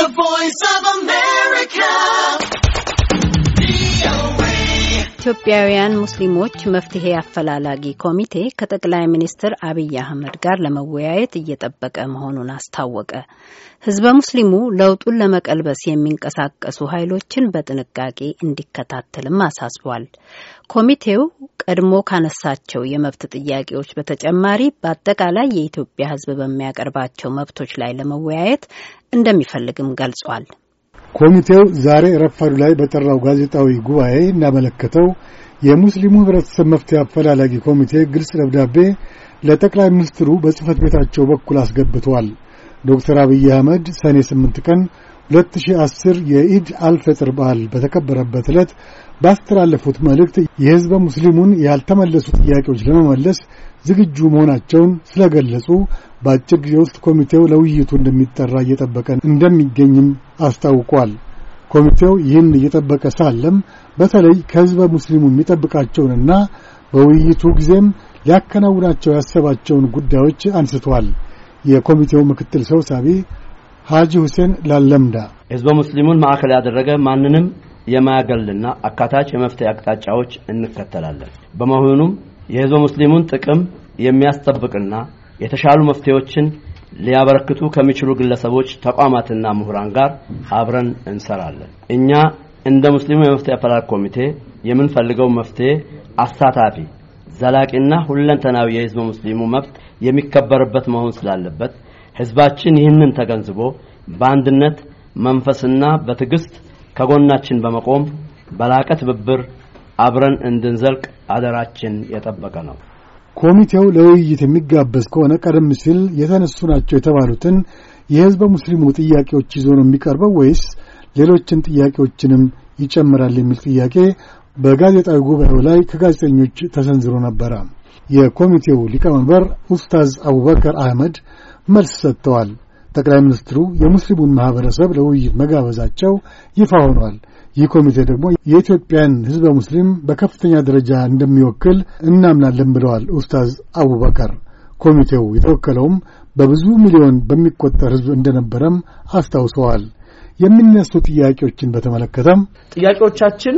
The Voice of America. ኢትዮጵያውያን ሙስሊሞች መፍትሄ አፈላላጊ ኮሚቴ ከጠቅላይ ሚኒስትር አብይ አህመድ ጋር ለመወያየት እየጠበቀ መሆኑን አስታወቀ። ህዝበ ሙስሊሙ ለውጡን ለመቀልበስ የሚንቀሳቀሱ ኃይሎችን በጥንቃቄ እንዲከታተልም አሳስቧል። ኮሚቴው ቀድሞ ካነሳቸው የመብት ጥያቄዎች በተጨማሪ በአጠቃላይ የኢትዮጵያ ህዝብ በሚያቀርባቸው መብቶች ላይ ለመወያየት እንደሚፈልግም ገልጿል። ኮሚቴው ዛሬ ረፋዱ ላይ በጠራው ጋዜጣዊ ጉባኤ እንዳመለከተው የሙስሊሙ ህብረተሰብ መፍትሄ አፈላላጊ ኮሚቴ ግልጽ ደብዳቤ ለጠቅላይ ሚኒስትሩ በጽህፈት ቤታቸው በኩል አስገብተዋል። ዶክተር አብይ አህመድ ሰኔ 8 ቀን 2010 የኢድ አልፈጥር በዓል በተከበረበት ዕለት ባስተላለፉት መልእክት የሕዝበ ሙስሊሙን ያልተመለሱ ጥያቄዎች ለመመለስ ዝግጁ መሆናቸውን ስለገለጹ በአጭር ጊዜ ውስጥ ኮሚቴው ለውይይቱ እንደሚጠራ እየጠበቀ እንደሚገኝም አስታውቋል። ኮሚቴው ይህን እየጠበቀ ሳለም በተለይ ከሕዝበ ሙስሊሙ የሚጠብቃቸውንና በውይይቱ ጊዜም ሊያከናውናቸው ያሰባቸውን ጉዳዮች አንስቷል። የኮሚቴው ምክትል ሰብሳቢ ሐጂ ሁሴን ላለምዳ ህዝበ ሙስሊሙን ማዕከል ያደረገ ማንንም የማያገልና አካታች የመፍትሄ አቅጣጫዎች እንከተላለን። በመሆኑም የህዝበ ሙስሊሙን ጥቅም የሚያስጠብቅና የተሻሉ መፍትሄዎችን ሊያበረክቱ ከሚችሉ ግለሰቦች፣ ተቋማትና ምሁራን ጋር አብረን እንሰራለን። እኛ እንደ ሙስሊሙ የመፍትሄ አፈላል ኮሚቴ የምንፈልገው መፍትሄ አሳታፊ፣ ዘላቂና ሁለንተናዊ የህዝበ ሙስሊሙ መብት የሚከበርበት መሆን ስላለበት ህዝባችን ይህንን ተገንዝቦ በአንድነት መንፈስና በትዕግስት ከጎናችን በመቆም በላቀ ትብብር አብረን እንድንዘልቅ አደራችን የጠበቀ ነው። ኮሚቴው ለውይይት የሚጋበዝ ከሆነ ቀደም ሲል የተነሱ ናቸው የተባሉትን የህዝበ ሙስሊሙ ጥያቄዎች ይዞ ነው የሚቀርበው ወይስ ሌሎችን ጥያቄዎችንም ይጨምራል የሚል ጥያቄ በጋዜጣዊ ጉባኤው ላይ ከጋዜጠኞች ተሰንዝሮ ነበረ። የኮሚቴው ሊቀመንበር ኡስታዝ አቡበከር አህመድ መልስ ሰጥተዋል። ጠቅላይ ሚኒስትሩ የሙስሊሙን ማህበረሰብ ለውይይት መጋበዛቸው ይፋ ሆኗል። ይህ ኮሚቴ ደግሞ የኢትዮጵያን ህዝበ ሙስሊም በከፍተኛ ደረጃ እንደሚወክል እናምናለን ብለዋል ኡስታዝ አቡበከር። ኮሚቴው የተወከለውም በብዙ ሚሊዮን በሚቆጠር ህዝብ እንደነበረም አስታውሰዋል። የሚነሱ ጥያቄዎችን በተመለከተም ጥያቄዎቻችን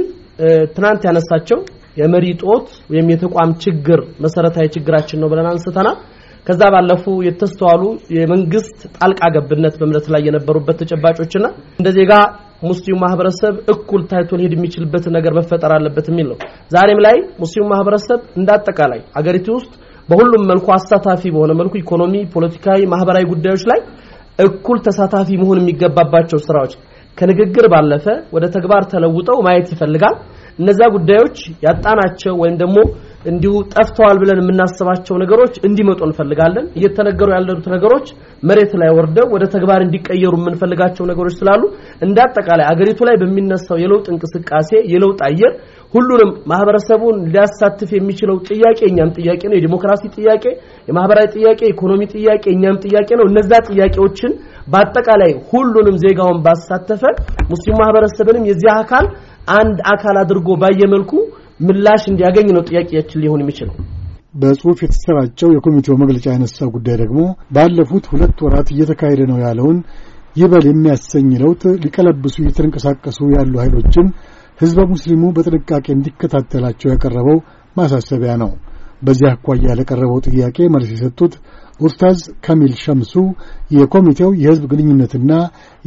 ትናንት ያነሳቸው የመሪ ጦት ወይም የተቋም ችግር መሰረታዊ ችግራችን ነው ብለን አንስተናል። ከዛ ባለፉ የተስተዋሉ የመንግስት ጣልቃ ገብነት በእምነት ላይ የነበሩበት ተጨባጮችና እንደ ዜጋ ሙስሊሙ ማህበረሰብ እኩል ታይቶ ሊሄድ የሚችልበት ነገር መፈጠር አለበት የሚል ነው። ዛሬም ላይ ሙስሊሙ ማህበረሰብ እንዳጠቃላይ አገሪቱ ውስጥ በሁሉም መልኩ አሳታፊ በሆነ መልኩ ኢኮኖሚ፣ ፖለቲካዊ፣ ማህበራዊ ጉዳዮች ላይ እኩል ተሳታፊ መሆን የሚገባባቸው ስራዎች ከንግግር ባለፈ ወደ ተግባር ተለውጠው ማየት ይፈልጋል። እነዛ ጉዳዮች ያጣናቸው ወይም ደግሞ እንዲሁ ጠፍተዋል ብለን የምናስባቸው ነገሮች እንዲመጡ እንፈልጋለን። እየተነገሩ ያለሉት ነገሮች መሬት ላይ ወርደው ወደ ተግባር እንዲቀየሩ የምንፈልጋቸው ነገሮች ስላሉ እንደ አጠቃላይ አገሪቱ ላይ በሚነሳው የለውጥ እንቅስቃሴ የለውጥ አየር ሁሉንም ማህበረሰቡን ሊያሳትፍ የሚችለው ጥያቄ እኛም ጥያቄ ነው። የዲሞክራሲ ጥያቄ፣ የማህበራዊ ጥያቄ፣ የኢኮኖሚ ጥያቄ እኛም ጥያቄ ነው። እነዛ ጥያቄዎችን በአጠቃላይ ሁሉንም ዜጋውን ባሳተፈ ሙስሊም ማህበረሰብንም የዚያ አካል አንድ አካል አድርጎ ባየመልኩ ምላሽ እንዲያገኝ ነው ጥያቄያችን ሊሆን የሚችለው። በጽሁፍ የተሰራጨው የኮሚቴው መግለጫ ያነሳው ጉዳይ ደግሞ ባለፉት ሁለት ወራት እየተካሄደ ነው ያለውን ይበል የሚያሰኝ ለውጥ ሊቀለብሱ እየተንቀሳቀሱ ያሉ ኃይሎችን ህዝበ ሙስሊሙ በጥንቃቄ እንዲከታተላቸው ያቀረበው ማሳሰቢያ ነው። በዚህ አኳያ ለቀረበው ጥያቄ መልስ የሰጡት ኡስታዝ ከሚል ሸምሱ የኮሚቴው የህዝብ ግንኙነትና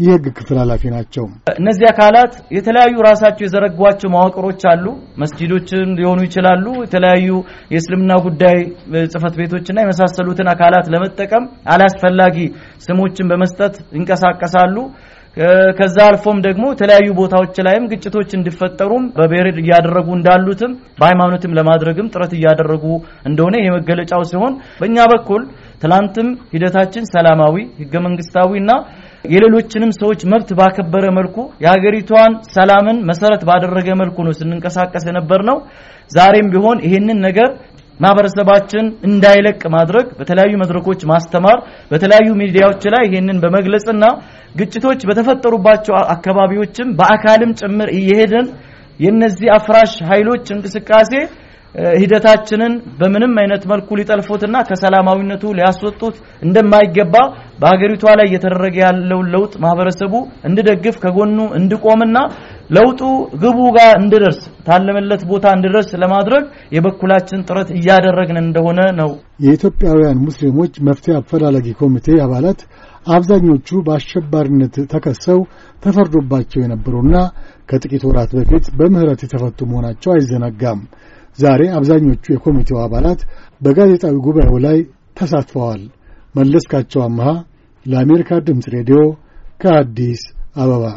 የህግ ክፍል ኃላፊ ናቸው። እነዚህ አካላት የተለያዩ ራሳቸው የዘረጓቸው መዋቅሮች አሉ። መስጂዶችን ሊሆኑ ይችላሉ። የተለያዩ የእስልምና ጉዳይ ጽህፈት ቤቶችና የመሳሰሉትን አካላት ለመጠቀም አላስፈላጊ ስሞችን በመስጠት ይንቀሳቀሳሉ። ከዛ አልፎም ደግሞ የተለያዩ ቦታዎች ላይም ግጭቶች እንዲፈጠሩም በብሔር እያደረጉ እንዳሉትም በሃይማኖትም ለማድረግም ጥረት እያደረጉ እንደሆነ ይሄ መገለጫው ሲሆን በእኛ በኩል ትላንትም ሂደታችን ሰላማዊ ህገ መንግስታዊና የሌሎችንም ሰዎች መብት ባከበረ መልኩ የሀገሪቷን ሰላምን መሰረት ባደረገ መልኩ ነው ስንንቀሳቀስ የነበር ነው። ዛሬም ቢሆን ይህንን ነገር ማህበረሰባችን እንዳይለቅ ማድረግ፣ በተለያዩ መድረኮች ማስተማር፣ በተለያዩ ሚዲያዎች ላይ ይህንን በመግለጽና ግጭቶች በተፈጠሩባቸው አካባቢዎችም በአካልም ጭምር እየሄድን የነዚህ አፍራሽ ኃይሎች እንቅስቃሴ ሂደታችንን በምንም አይነት መልኩ ሊጠልፉትና ከሰላማዊነቱ ሊያስወጡት እንደማይገባ በሀገሪቷ ላይ እየተደረገ ያለውን ለውጥ ማህበረሰቡ እንድደግፍ ከጎኑ እንድቆምና ለውጡ ግቡ ጋር እንድደርስ ታለመለት ቦታ እንድደርስ ለማድረግ የበኩላችን ጥረት እያደረግን እንደሆነ ነው። የኢትዮጵያውያን ሙስሊሞች መፍትሄ አፈላላጊ ኮሚቴ አባላት አብዛኞቹ በአሸባሪነት ተከሰው ተፈርዶባቸው የነበሩና ከጥቂት ወራት በፊት በምህረት የተፈቱ መሆናቸው አይዘነጋም። ዛሬ አብዛኞቹ የኮሚቴው አባላት በጋዜጣዊ ጉባኤው ላይ ተሳትፈዋል። መለስካቸው አምሃ ለአሜሪካ ድምፅ ሬዲዮ ከአዲስ አበባ